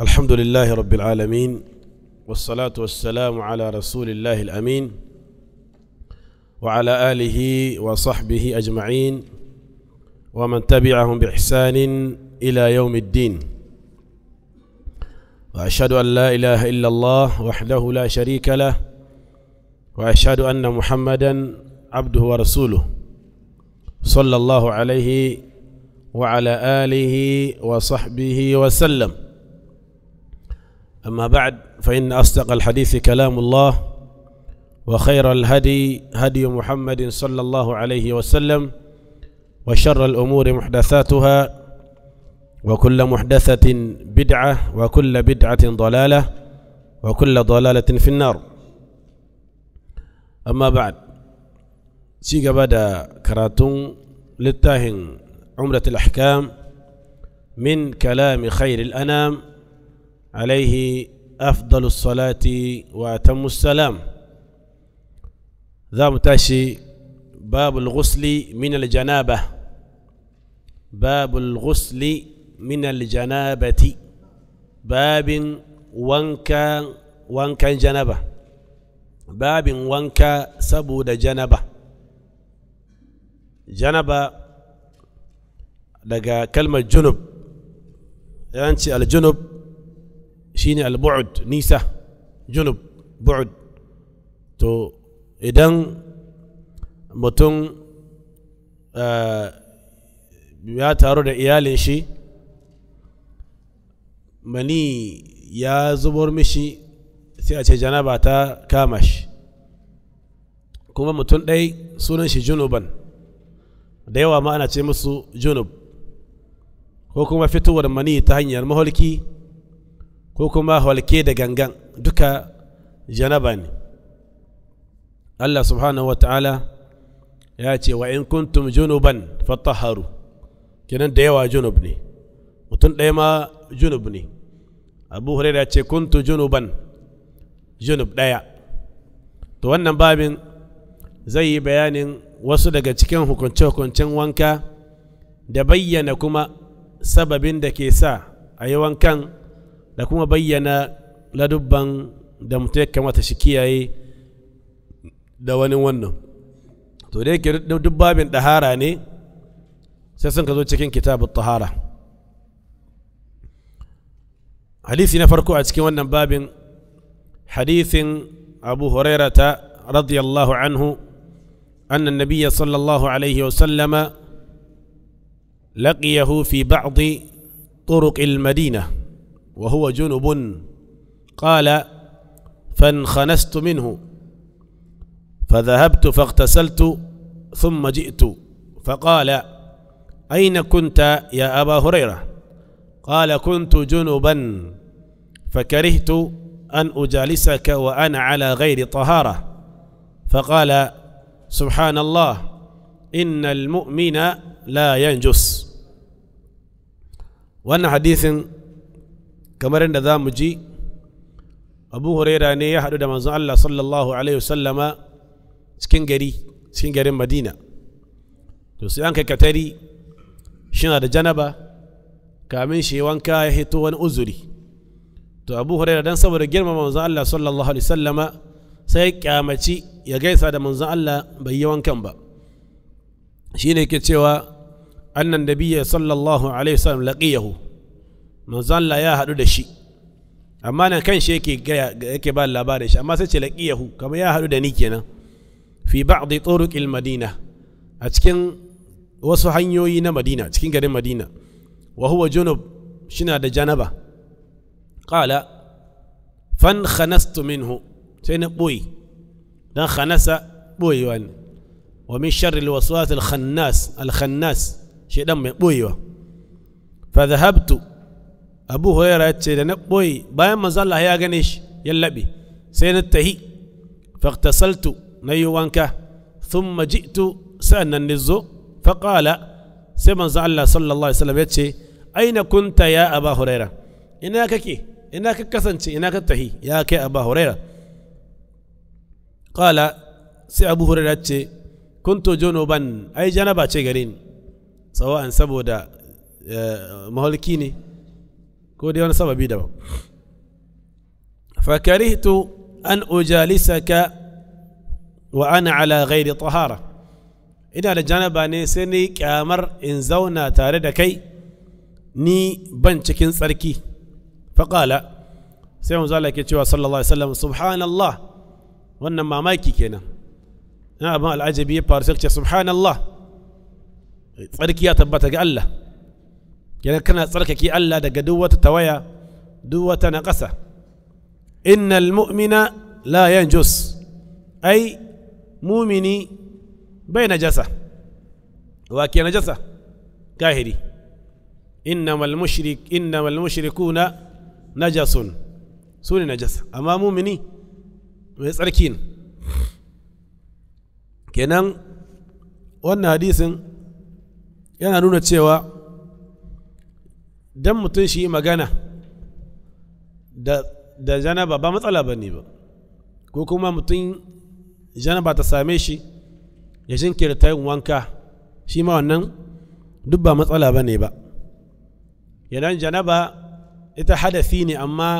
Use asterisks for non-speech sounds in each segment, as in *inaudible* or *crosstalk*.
الحمد لله رب العالمين والصلاة والسلام على رسول الله الأمين وعلى آله وصحبه أجمعين ومن تبعهم بإحسان إلى يوم الدين وأشهد أن لا إله إلا الله وحده لا شريك له وأشهد أن محمدا عبده ورسوله صلى الله عليه وعلى آله وصحبه وسلم أما بعد فإن أصدق الحديث كلام الله وخير الهدي هدي محمد صلى الله عليه وسلم وشر الأمور محدثاتها وكل محدثة بدعة وكل بدعة ضلالة وكل ضلالة في النار أما بعد سيقى بدا كراتون للتاهن عمرة الأحكام من كلام خير الأنام عليه أفضل الصلاة وأتم السلام ذا متاشي باب الغسل من الجنابة باب الغسل من الجنابة باب وانكا وانكا جنابة باب وانكا سبود جنابة جنابة لقى كلمة جنب يعني الجنب shine al-bu'd nisa junub bu'd to idan mutum eh, ya taru da iyalin shi mani ya zubar mishi sai a ce janaba ta kama shi kuma mutum ɗai sunan shi junuban da yawa ma ana ce musu junub ko kuma fitowar mani ta hanyar maholki ko kuma halke da gangan duka janaba ne Allah subhanahu wa ta'ala ya ce wa in kuntum junuban fataharu kenan da yawa junub ne mutum ɗaya ma junub ne abu ya ce kuntu junuban junub ɗaya to wannan babin zai yi bayanin wasu daga cikin hukunce-hukuncen wanka da bayyana kuma sababin da ke sa a yi wankan da kuma bayyana ladubban da mutum ya kamata shi kiyaye da wani wannan to da yake duk babin ɗahara ne sai sun ka zo cikin kitabun tahara hadisi na farko a cikin wannan babin hadisin abu hurairata radiyallahu anhu أن النبي صلى الله عليه وسلم لقيه في بعض طرق المدينة وهو جنب قال فانخنست منه فذهبت فاغتسلت ثم جئت فقال أين كنت يا أبا هريرة قال كنت جنبا فكرهت أن أجالسك وأنا على غير طهارة فقال سبحان الله إن المؤمن لا ينجس وأن حديث kamar yadda za mu ji abu huraira ne ya haɗu da manzon allah sallallahu alaihi wasallama cikin gari cikin garin madina to sai an kai katari shina da janaba kamin shi wanka ya hito wani uzuri to abu huraira dan saboda girmama manzon allah sallallahu alaihi wasallama sai kyamaci ya gaisa da manzon allah bai yi wankan ba shine ke cewa annan nabiyya sallallahu alaihi wasallam laqiyahu manzo Allah ya haɗu da shi amma nan kan shi yake gaya yake ba labarin shi amma sai ce laqiyahu kamar ya haɗu da ni kenan fi ba'd turuqil madina a cikin wasu hanyoyi na madina cikin garin madina wa huwa junub shina da janaba qala fan khanastu minhu sai na boye dan khanasa boyewa ne wa min sharri alwaswas alkhannas alkhannas shedan mai boyewa fa dhahabtu abu huraira ce da na ɓoye bayan manzo Allah ya gane shi ya laɓe sai na tahi faktasaltu na yi wanka sun thumma ji'tu sa'annan nizo faqala sai manzo Allah sallallahu alaihi wasallam ya ce aina kunta ya aba huraira ina kake ina ka kasance ina ka tahi ya kai aba huraira qala sai abu huraira ce kuntu junuban ai janaba ce gare ni sawa'an saboda eh, maholki ne كودي وانا سبب بيدما فكرهت أن أجالسك وأنا على غير طهارة إذا لجانب أني سني كامر إن زونا تاردكي ني بنشكين سركي فقال سيما زالك يتشوى صلى الله عليه وسلم سبحان الله وانما مايكي كينا نعم أبا العجبية بارسكتش سبحان الله tsarki ya tabbata ga kenan kana tsarkake Allah daga duk wata tawaya duk wata naƙasa innal mu'mina la yanjus ai mumini bai najasa wa ke najasa kahiri innamal mushrik innamal mushrikuna najasun su ne najasa amma mumini mai tsarki ne kenan wannan hadisin yana nuna cewa don mutum shi magana da janaba ba matsala ba ne ba ko kuma mutum janaba ta same shi ya jinkirta yin wanka shi ma wannan duk ba matsala ba ne ba idan janaba ita hadafi ne amma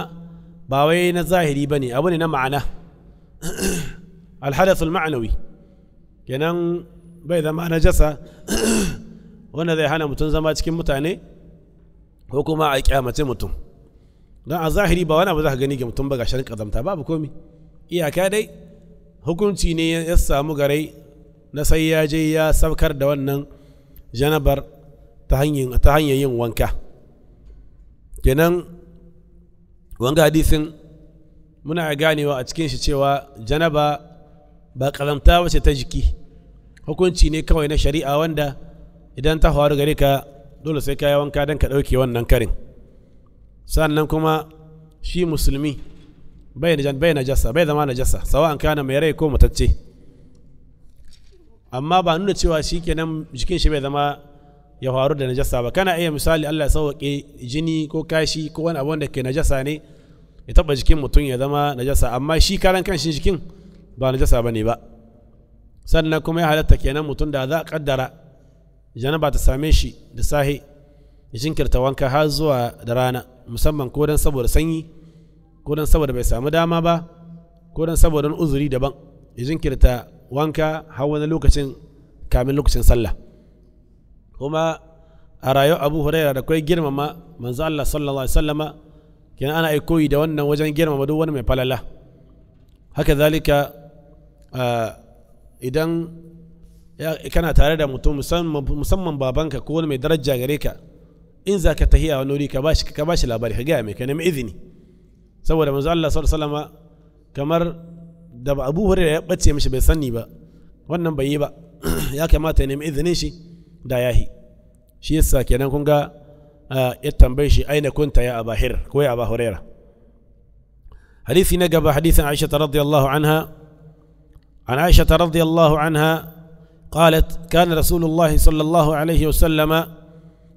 ba wai na zahiri ba ne abu ne na ma'ana *clears throat* alhadasul ma'anawi kenan bai zama na jasa *clears throat* wanda zai hana mutum zama cikin mutane ko kuma a kyamace mutum don a zahiri ba wani abu za ka gani ga mutum ba ga sharin kazamta babu komi iyaka dai hukunci ne ya samu garai na sai ya je ya saukar da wannan janabar ta hanyar yin wanka kenan wanga hadisin muna ganewa a cikin shi cewa janaba ba kazamta ce ta jiki hukunci ne kawai na shari'a wanda idan ta faru gare ka dole sai ka yi wanka don ka ɗauke wannan karin sannan kuma shi musulmi bai na jasa bai zama na jasa sawa an kana mai rai ko matacce amma ba nuna cewa shi kenan jikin shi bai zama ya faru da najasa ba kana iya misali Allah sauke jini ko kashi ko wani abu da ke najasa ne ya taɓa jikin mutum ya zama najasa amma shi karan kanshi jikin ba najasa ne ba sannan kuma ya halatta kenan mutum da za a kaddara janaba ta same shi da sahe ya jinkirta wanka har zuwa da rana musamman ko don saboda sanyi ko don saboda bai samu dama ba ko don saboda uzuri daban ya jinkirta wanka har wani lokacin kamin lokacin sallah kuma a rayuwar abu huraira da kwai girmama manzo Allah sallallahu alaihi wasallama kina ana koyi da wannan wajen girmama duk wani mai falala haka zalika idan kana tare da mutum musamman babanka ko wani mai daraja gare ka in za ka tahiya wani wuri ka ba shi labari ka gaya mai ka nemi izini saboda manzo Allah sallallahu alaihi kamar da Abu Hurairah ya bace mishi bai sani ba wannan bai yi ba *clears throat* ya kamata ya nemi izinin shi da yahi shi yasa kenan kun ga ya tambaye shi aina kunta ya abahir ko ya Abu Hurairah hadisi na gaba hadisin Aisha radiyallahu anha an Aisha radiyallahu anha قالت كان رسول الله صلى الله عليه وسلم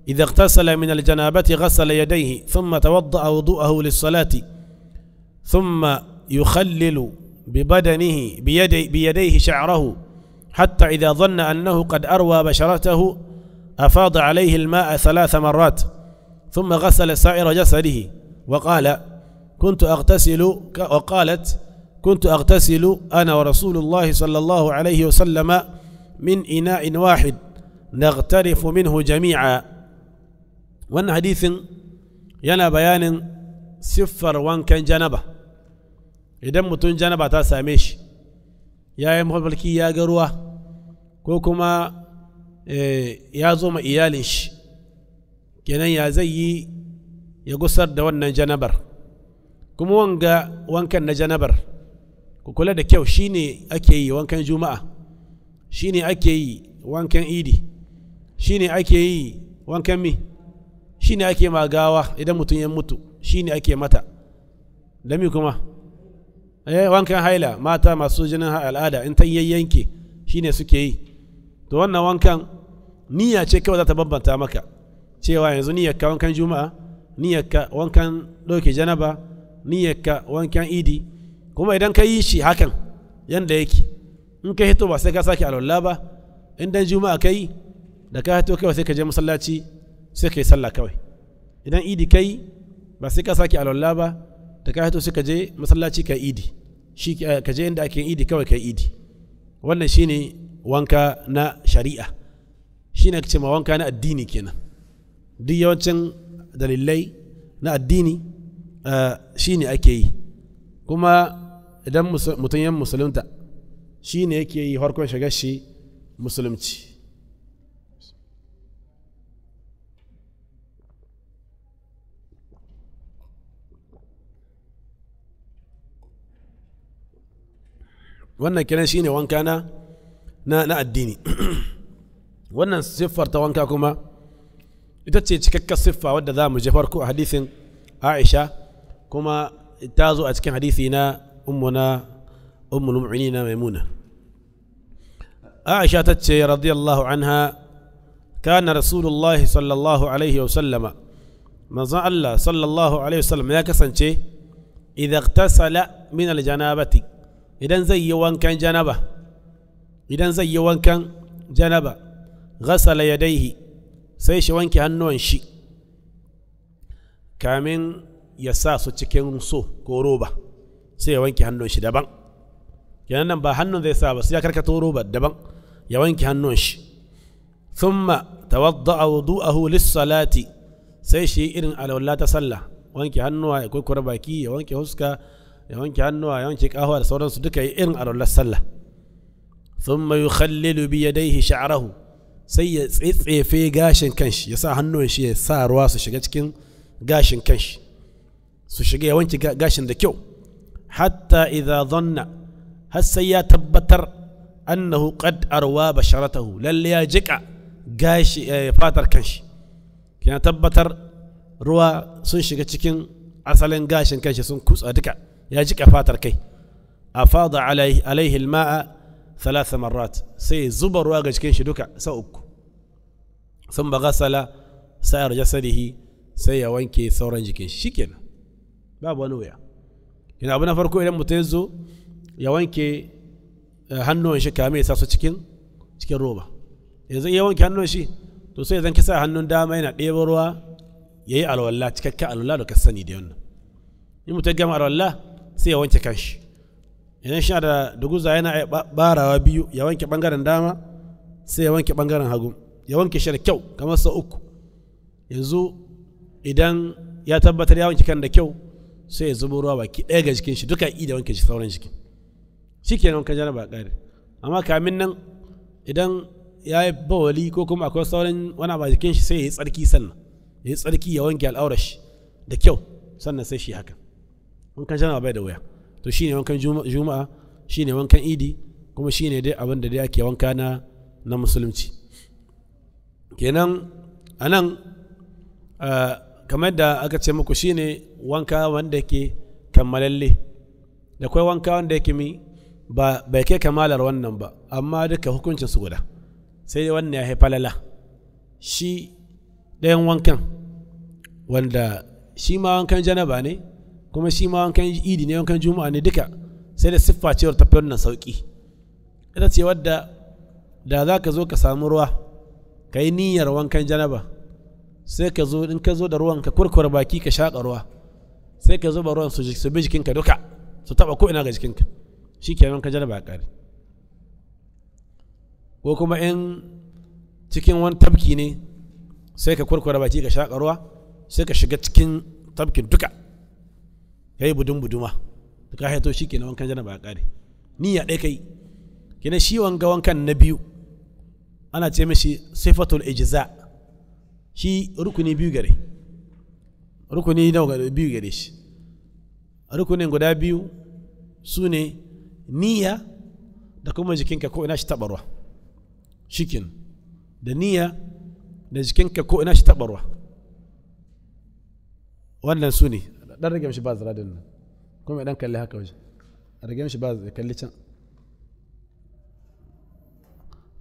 إذا اغتسل من الجنابة غسل يديه ثم توضأ وضوءه للصلاة ثم يخلل ببدنه بيدي بيديه شعره حتى إذا ظن أنه قد أروى بشرته أفاض عليه الماء ثلاث مرات ثم غسل سائر جسده وقال كنت أغتسل وقالت كنت أغتسل أنا ورسول الله صلى الله عليه وسلم min من إناء واحد نغترف منه جميعا وأن hadisin yana bayanin siffar wankan janaba idan mutum janaba ta same shi ya yi mafarki ya ga ruwa ko kuma ya zo ma iyalin shi kenan ya zai yi ya gusar da wannan janabar kuma wanga wankan na janabar ku kula da kyau shine ake yi wankan juma'a shine ake yi wankan idi shine ake yi wankan mi shine ake magawa idan mutum ya mutu shine ake mata da mi kuma eh wankan haila mata masu jinin al'ada in ta yayyanke shine suke yi to wannan wankan niyya ce kawai za ta bambanta maka cewa yanzu niyyarka wankan juma'a niyyarka wankan ɗauke janaba niyyarka wankan idi kuma idan ka yi shi hakan yanda yake in ka hito ba sai ka sake alwala ba in dan juma'a kai da ka hito kawai sai ka je masallaci sai ka yi sallah kawai idan idi kai ba sai ka sake alwala ba da ka hito sai ka je masallaci ka idi shi eh, ka je inda ake idi kawai ka idi wannan shine wanka na shari'a shine ka wanka na addini kenan duk yawancin dalilai na addini eh, shine ake yi kuma idan mutum yan musulunta shi ne yake yi harkon shiga shi musulunci wannan kiran shi ne wanka na addini *clears throat* wannan siffar ta wanka kuma ita ce cikakkar siffa wadda za mu farko a hadisin aisha kuma ta zo a cikin hadisi na ummuna ummul na maimuna aisha ta ce radiyallahu anha kana rasulullahi sallallahu alaihi wasallama manzon Allah sallallahu alaihi wasallam ya kasance idan tasala min aljanabati idan zai yi wankan janaba idan zai yi wankan janaba ghasala yadaihi sai shi wanke hannuwan shi kamin ya sa su cikin so ko roba sai ya wanke hannun shi daban kenan nan ba hannun zai sa ba sai ya karkato roba daban ya wanke hannun shi sun thumma tawadda'a wudu'ahu lis-salati sai shi irin alwala ta sallah wanke hannuwa ya kurkura baki ya wanke huska ya wanke hannuwa ya wanke kahuwa da sauransu duka yi irin alwalar sallah sun ma thumma yukhallilu bi yadayhi sha'rahu sai ya tsetsefe gashin kanshi ya sa hannun shi ya sa ruwa su shiga cikin gashin kanshi su shiga ya wanke gashin da kyau hatta idan dhanna har sai ya tabbatar annahu qad arwa basharatahu lalle ya jika gashi eh, fatar kanshi kina tabbatar ruwa sun shiga cikin asalin gashin kanshi sun kutsa duka ya jika fatar kai a fada alaihi ma'a thalatha marrat sai zuba ruwa ga cikin shi duka sau uku sun ba gasala sa'ar jasadihi sai ya wanke sauran jikin shi babu wani wuya ina abu na farko idan mutum ya ya wanke Eh, hannuwan shi kame sa su cikin cikin roba yanzu iya wanke hannun shi to sai zan kisa hannun dama yana ɗebo ruwa ya yi alwala cikakka alwala da ka sani da wannan in mutum gama alwala sai ya wanke kanshi idan shi da duguza yana barawa biyu ya wanke bangaren dama sai ya wanke bangaren hagu ya wanke shi da kyau kamar sau uku yanzu idan ya tabbatar ya wanke kan da kyau sai ya zubo ruwa baki ɗaya ga jikin shi duka i da wanke shi sauran jikin shikenan ka jaraba ƙari amma kamin nan idan ya yi bawali ko kuma akwai sauran wani ba jikin shi sai ya yi tsarki sannan ya yi tsarki ya wanke al'aurar shi da kyau sannan sai shi haka wankan janaba bai da wuya to shine wankan juma'a shine wankan idi kuma shine dai abin da dai ake wanka na na musulunci kenan a nan kamar da aka ce muku shine wanka wanda yake kammalalle da kwai wanka wanda yake mi ba bai kai kamalar wannan ba amma duka hukuncin su guda sai wannan ya haifalala shi ɗayan wankan wanda shi ma wankan janaba ne kuma shi ma wankan idi ne wankan juma'a ne duka sai da siffa cewar tafi nan sauki ita ce wadda da za ka zo ka samu ruwa ka yi niyyar wankan janaba sai ka zo in ka zo da ruwan ka kurkura baki ka shaƙa ruwa sai ka zo ba ruwan su bi jikinka duka su taɓa ko ina ga jikinka shi kenan ka jaraba kare ko kuma in cikin wani tabki ne sai ka kwarkwara baki ka shakarwa ruwa sai ka shiga cikin tabkin duka ya yi budun buduma ka haito shi kenan wankan kare ni ya ɗaya kai kenan shi wanga wankan na biyu ana ce mishi sifatul ijza shi rukuni biyu gare rukuni biyu gare shi rukunin guda biyu su ne niyya da kuma jikinka ko ina shi taɓarwa shikin da niyya da jikinka ko ina shi taɓarwa wannan su ne rage mishi ba ziradin nan kuma kalli haka waje rage mishi ba ya kalli can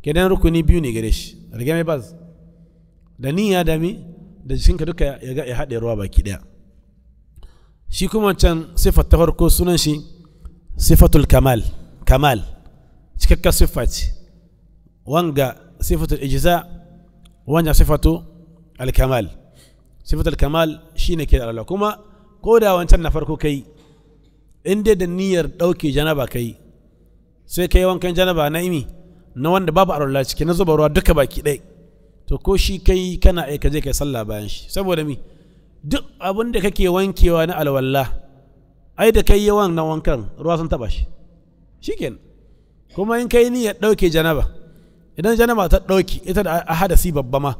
kenan rukuni biyu ne gare shi rage mai da niyya da mi da jikinka duka ya haɗe ruwa baki ɗaya shi kuma can siffar ta farko sunan shi sifatul kamal kamal cikakkar siffa ce wanga sifatul ijza wanga sifatu alkamal sifatul kamal shine ke da Allah kuma ko da wancan na farko kai in dai da niyyar ɗauke janaba kai sai kai wankan janaba na imi na wanda babu arola ciki na zuba ruwa duka baki ɗaya to ko shi kai kana aika je kai sallah bayan shi saboda mi duk abin da kake wankewa na alwallah ai da kai yawan na wankan ruwa sun taba shi shikenan kuma in kai ya ɗauke janaba idan janaba ta ɗauki ita da a hadasi babba ma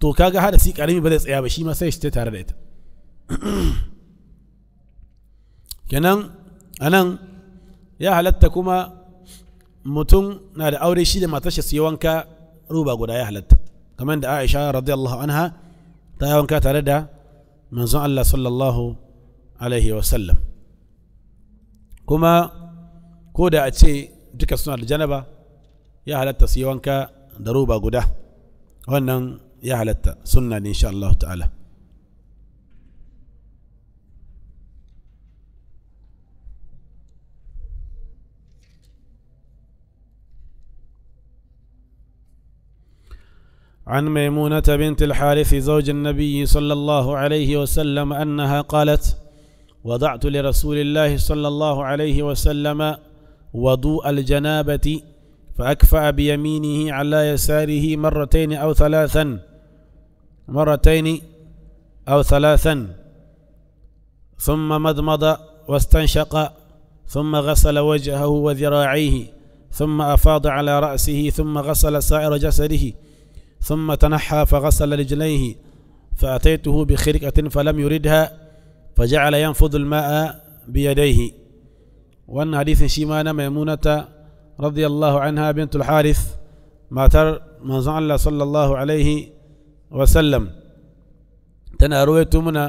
to kaga hadasi karami ba zai tsaya ba shi ma sai shi tare da ita *clears throat* kenan anan ya halatta kuma mutum na da aure shi da shi su yi wanka ruba guda ya halatta kamar da aisha radiyallahu anha ta yi wanka tare da manzon allah sallallahu alaihi wasallam kuma ko da a ce duka suna da janaba ya halatta su yi wanka da roba guda wannan ya halatta sunna ne insha Allah ta'ala عن ميمونة بنت الحارث زوج النبي صلى الله عليه وسلم أنها قالت: وضعت لرسول الله صلى الله عليه وسلم وضوء الجنابة فأكفأ بيمينه على يساره مرتين أو ثلاثا مرتين أو ثلاثا ثم مضمض واستنشق ثم غسل وجهه وذراعيه ثم أفاض على رأسه ثم غسل سائر جسده ثم تنحى فغسل رجليه فأتيته بخرقة فلم يردها فجعل ينفض الماء بيديه وأن حديث شيمان ميمونة رضي الله عنها بنت الحارث ما تر من زعل صلى الله عليه وسلم تنا رويتمنا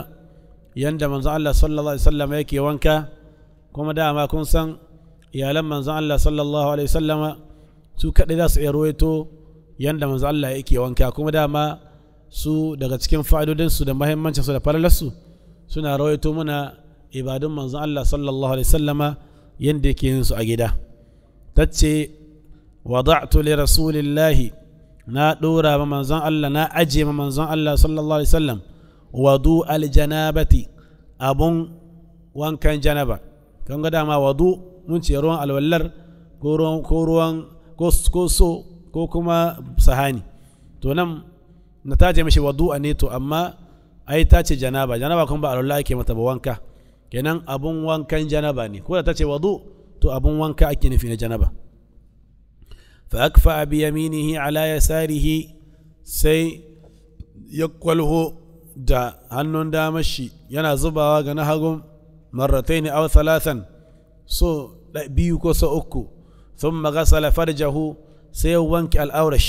يند من زعل صلى الله عليه وسلم يكي وانكا كما دا ما كنسا يا لم من زعل صلى الله عليه وسلم سو كدداس رويتو يند من زعل يكي وانكا كما دا ما سو دغتكين فعدو دنسو دمهم منشا سو دفعل لسو suna rawaito muna ibadun manzon Allah sallallahu alaihi wasallama yadda yake yin su a gida tace wada'tu li rasulillahi na dora ma manzon Allah na aje ma manzon Allah sallallahu alaihi wasallam wadu aljanabati abun wankan janaba kan ga dama wadu mun ce ruwan alwallar ko ruwan ko ruwan ko so ko kuma sahani to nan na taje mishi wadu'a ne to amma ai ta ce janaba janaba kuma ba alwala ake mata ba wanka kenan abun wankan janaba ne ko da ta ce wadu to abun wanka ake nufi na janaba fa akfa bi yaminihi ala yasarihi sai ya da hannun damar shi yana zubawa ga na hagun marratai ne aw thalathan so biyu ko so uku sun magasala farjahu sai ya wanke al'aurar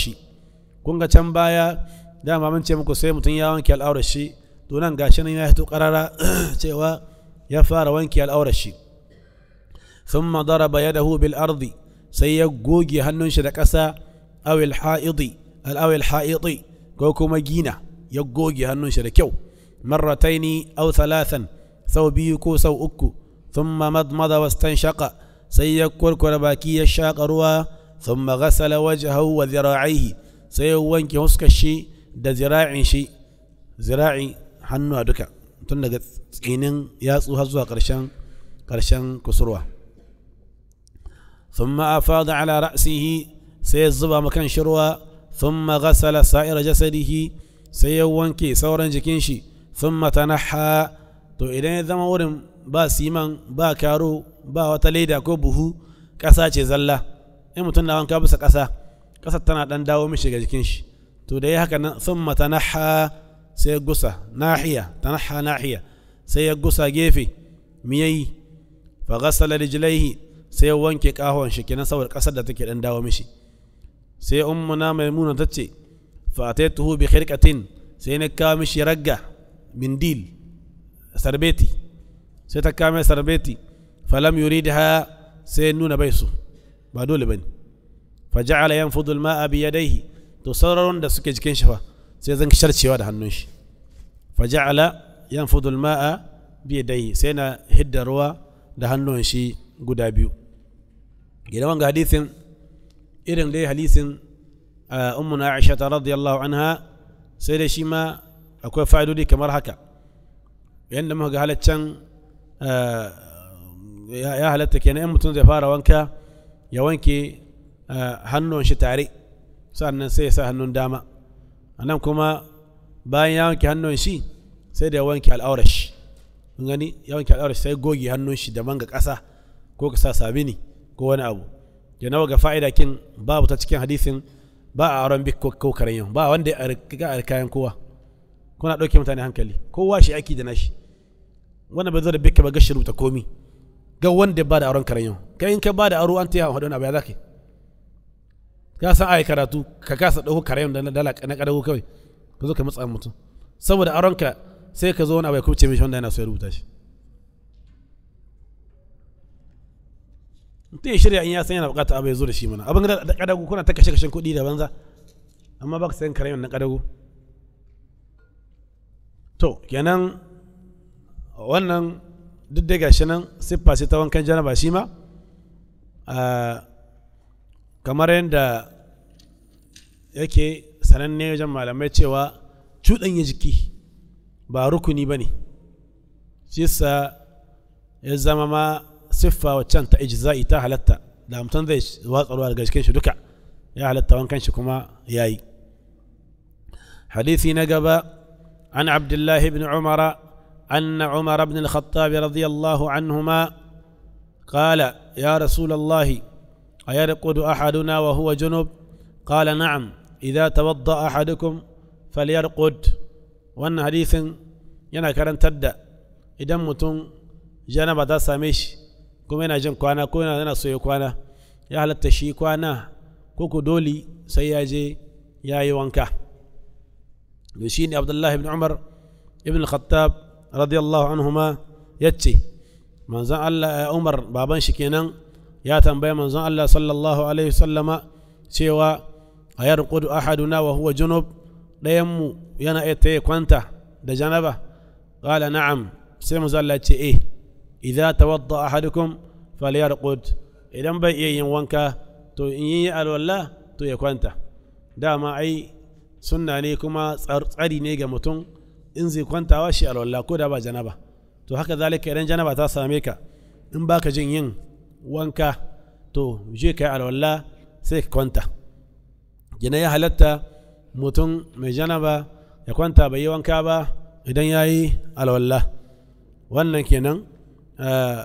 kun ga can baya dama mun ce muku sai mutum ya wanke al'aurar shi to nan gashi nan ya hito karara cewa ya fara wanke al'aurar shi thumma daraba yadahu bil ardi sai ya goge hannun shi da ƙasa awil ha'idi al'awil ha'idi ko kuma gina ya goge hannun shi da kyau marrataini aw thalathan sau biyu ko sau uku thumma madmada wastanshaqa sai ya kurkura baki ya shaƙa ruwa thumma ghasala wajhahu wa dhira'ihi sai ya wanke huskar shi da zira'in shi zira'i hannuwa duka tun daga tsinin yatsu har zuwa ƙarshen ƙarshen kusurwa thumma afada ala ra'sihi sai ya zuba makan shirwa sun thumma ghasala sa'ira jasadihi sai ya wanke sauran jikin shi sun tanaha to idan ya zama wurin ba siman ba karo ba wata leda ko buhu ƙasa ce zalla in mutum na wanka bisa ƙasa ƙasar tana ɗan dawo mishi ga jikin shi to da ya haka sun thumma سيقصه ناحية تنحى ناحية سيقصه جيفي ميي فغسل رجليه سيوانك قهوان شكينا سوى القصد دا أن الان سي أمنا ميمونة تتشي فأتيته بخرقة سينكا مشي رقة ديل سربيتي سيتكامل سربيتي فلم يريدها سينون بيسو ba بني فجعل ينفض الماء بيديه maa bi yadayhi sai zan sharcewa da hannun shi faja'ala yan al-ma'a bi yadayhi sai na hidda ruwa da hannun shi guda biyu gidan wanga hadisin irin dai hadisin ummuna Aisha radiyallahu anha sai dai shi ma akwai fa'idodi kamar haka yadda muka ga halaccen ya halatta kenan in mutum zai fara wanka ya wanke hannun shi tare sannan sai ya sa hannun dama anan kuma bayan ya wanke hannun shi sai da ya wanke al'aurashi in gani ya wanke al'aurashi sai goge hannun shi da manga ƙasa ko ka sa sabini ko wani abu ya nawa ga fa'ida kin babu ta cikin hadisin ba a aron bi ko karen ba wanda ya kayan kowa kuna ɗauke mutane hankali kowa shi aiki da nashi wanda bai zo da bikka ba gashi rubuta komi ga wanda ba da aron karen yau kai in ka ba da aro an taya hadon abu ya zaka ka san ai karatu ka kasa dauko karayan da na dala na kadago kawai ka zo ka matsa mutum saboda ka sai ka zo wani abu ya kubce mishi wanda yana so ya rubuta shi mutum ya shirya in ya san yana bukata abu ya zo da shi mana abin da kadago kuna ta kashe kashen kuɗi da banza amma ba ka sayan na kadago to kenan wannan duk da gashi nan siffa sai ta wankan janaba shi ma ah, kamar yadda yake sananne wajen malamai cewa cuɗanya jiki ba rukuni ba ne shi sa ya zama ma siffa waccan ta ijza'i ta halatta da hamsin zai watsarwa ruwa daga cikin shi duka ya halatta wankan shi kuma ya yi حديثي نقبا عن عبد الله بن عمر أن عمر بن الخطاب رضي الله عنهما قال يا رسول الله a أيرقد أحدنا وهو جنب قال نعم إذا توضأ أحدكم فليرقد wannan حديث yana karantar da idan mutum janaba ta same shi kuma yana jin kwana ko yana soya kwana ya halatta shi kwana ko dole sai ya je yi wanka da shi abdullahi ibn umar ibn khattab radiyallahu anhuma yace ce allah a umar baban shi kenan ya tambaya manzon Allah sallallahu alaihi sallama cewa a yarqudu ahaduna wa huwa junub dayan mu yana ita kwanta da janaba qala na'am sai muzallace Allah ce eh idza tawadda ahadukum falyarqud idan bai iya yin wanka to in yi alwala to ya kwanta dama ai sunna ne kuma tsari ne ga mutum in zai kwantawa shi alwala ko da ba janaba to haka zalika idan janaba ta same ka in baka jin yin wanka to je ka yi sai ka kwanta gina ya halatta mutum mai janaba ya kwanta bai yi wanka ba idan ya yi alwala wannan kenan eh,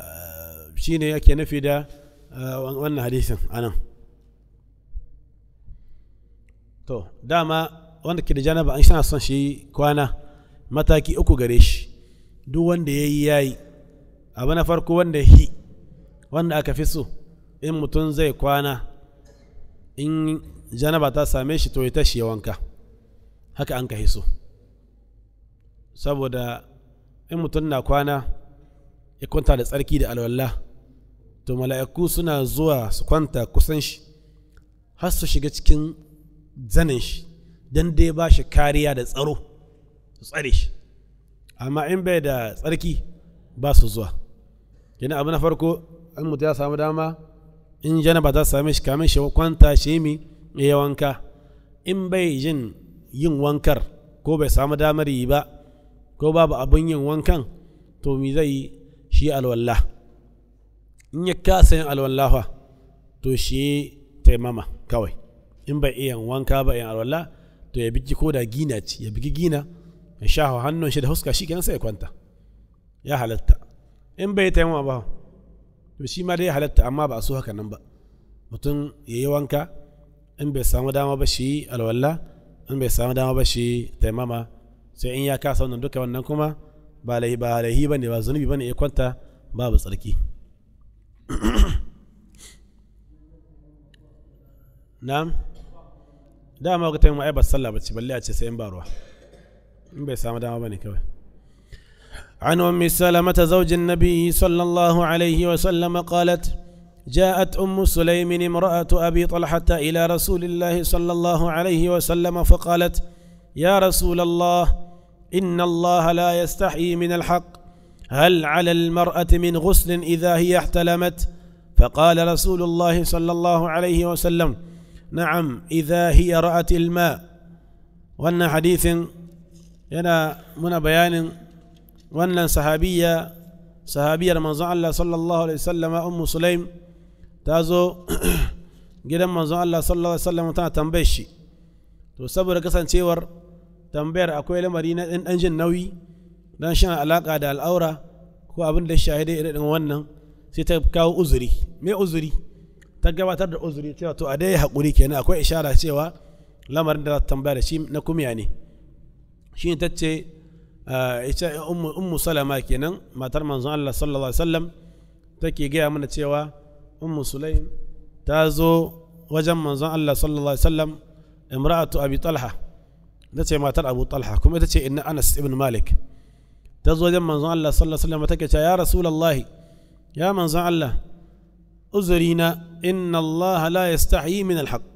shi ne ake nufi da eh, wannan hadisin anan to dama wanda ke da janaba an shi son shi kwana mataki uku gare shi duk wanda ya yi ya yi abu na farko wanda hi wanda aka fi so in mutum zai kwana in janaba ta same shi to ya tashi ya wanka haka an ka so saboda in mutum na kwana ya kwanta da tsarki da alwallah to mala'iku suna zuwa su kwanta kusan shi har su shiga cikin zanin shi don dai ba shi kariya da tsaro su tsare shi amma in bai da tsarki ba su zuwa yana abu na farko an mutu ya samu dama in ba za su same shi kamin shi kwanta shi mi ya wanka in bai jin yin wankar ko bai samu damar yi ba ko babu abin yin wankan to mi zai yi shi alwallah in ya kasa yin alwallah to shi taimama kawai in bai iya wanka ba yin alwallah to ya bigi ko da gina ci ya bigi gina ya sha hannun shi da huska shi kenan sai ya kwanta ya halatta in bai taimama ba to shi ma dai halatta amma ba a so haka nan ba mutum ya yi wanka in bai samu dama ba shi alwala in bai samu dama ba shi taimama sai in ya kasa wannan duka wannan kuma ba laihi ba ne bane ba zunubi ba ne ya kwanta babu tsarki *clears throat* na'am dama ga taimama ai ba sallah ce balle a ce sai in ba ruwa in bai samu dama ba ne kawai عن أم سلمة زوج النبي صلى الله عليه وسلم قالت جاءت أم سليم امرأة أبي طلحة إلى رسول الله صلى الله عليه وسلم فقالت يا رسول الله إن الله لا يستحيي من الحق هل على المرأة من غسل إذا هي احتلمت فقال رسول الله صلى الله عليه وسلم نعم إذا هي رأت الماء وأن حديث هنا من بيان wannan sahabiya sahabiyar manzon Allah sallallahu alaihi wasallama ummu sulaim ta zo *clears throat* gidan manzon Allah sallallahu alaihi wasallama tana tambaye shi to saboda kasancewar tambayar akwai lamari na ɗan jin nauyi dan shan alaka da al'aura ko abin da shahidai irin wannan sai ta kawo uzuri me uzuri ta gabatar da uzuri cewa to a dai hakuri kenan akwai ishara cewa lamarin da ta tambaya da shi na kumya ne shi ta ce Eh, ita ummu salama kenan matar manzon Allah sallallahu alaihi wasallam take gaya mana cewa ummu sulaim ta zo wajen manzon Allah sallallahu alaihi wasallam imra'atu abi talha ita ce matar abu talha kuma ita ce inna anas ibn malik ta zo wajen manzon Allah sallallahu alaihi wasallam take cewa ya rasulullahi ya manzon Allah uzurina inna Allah la yastahi min alhaq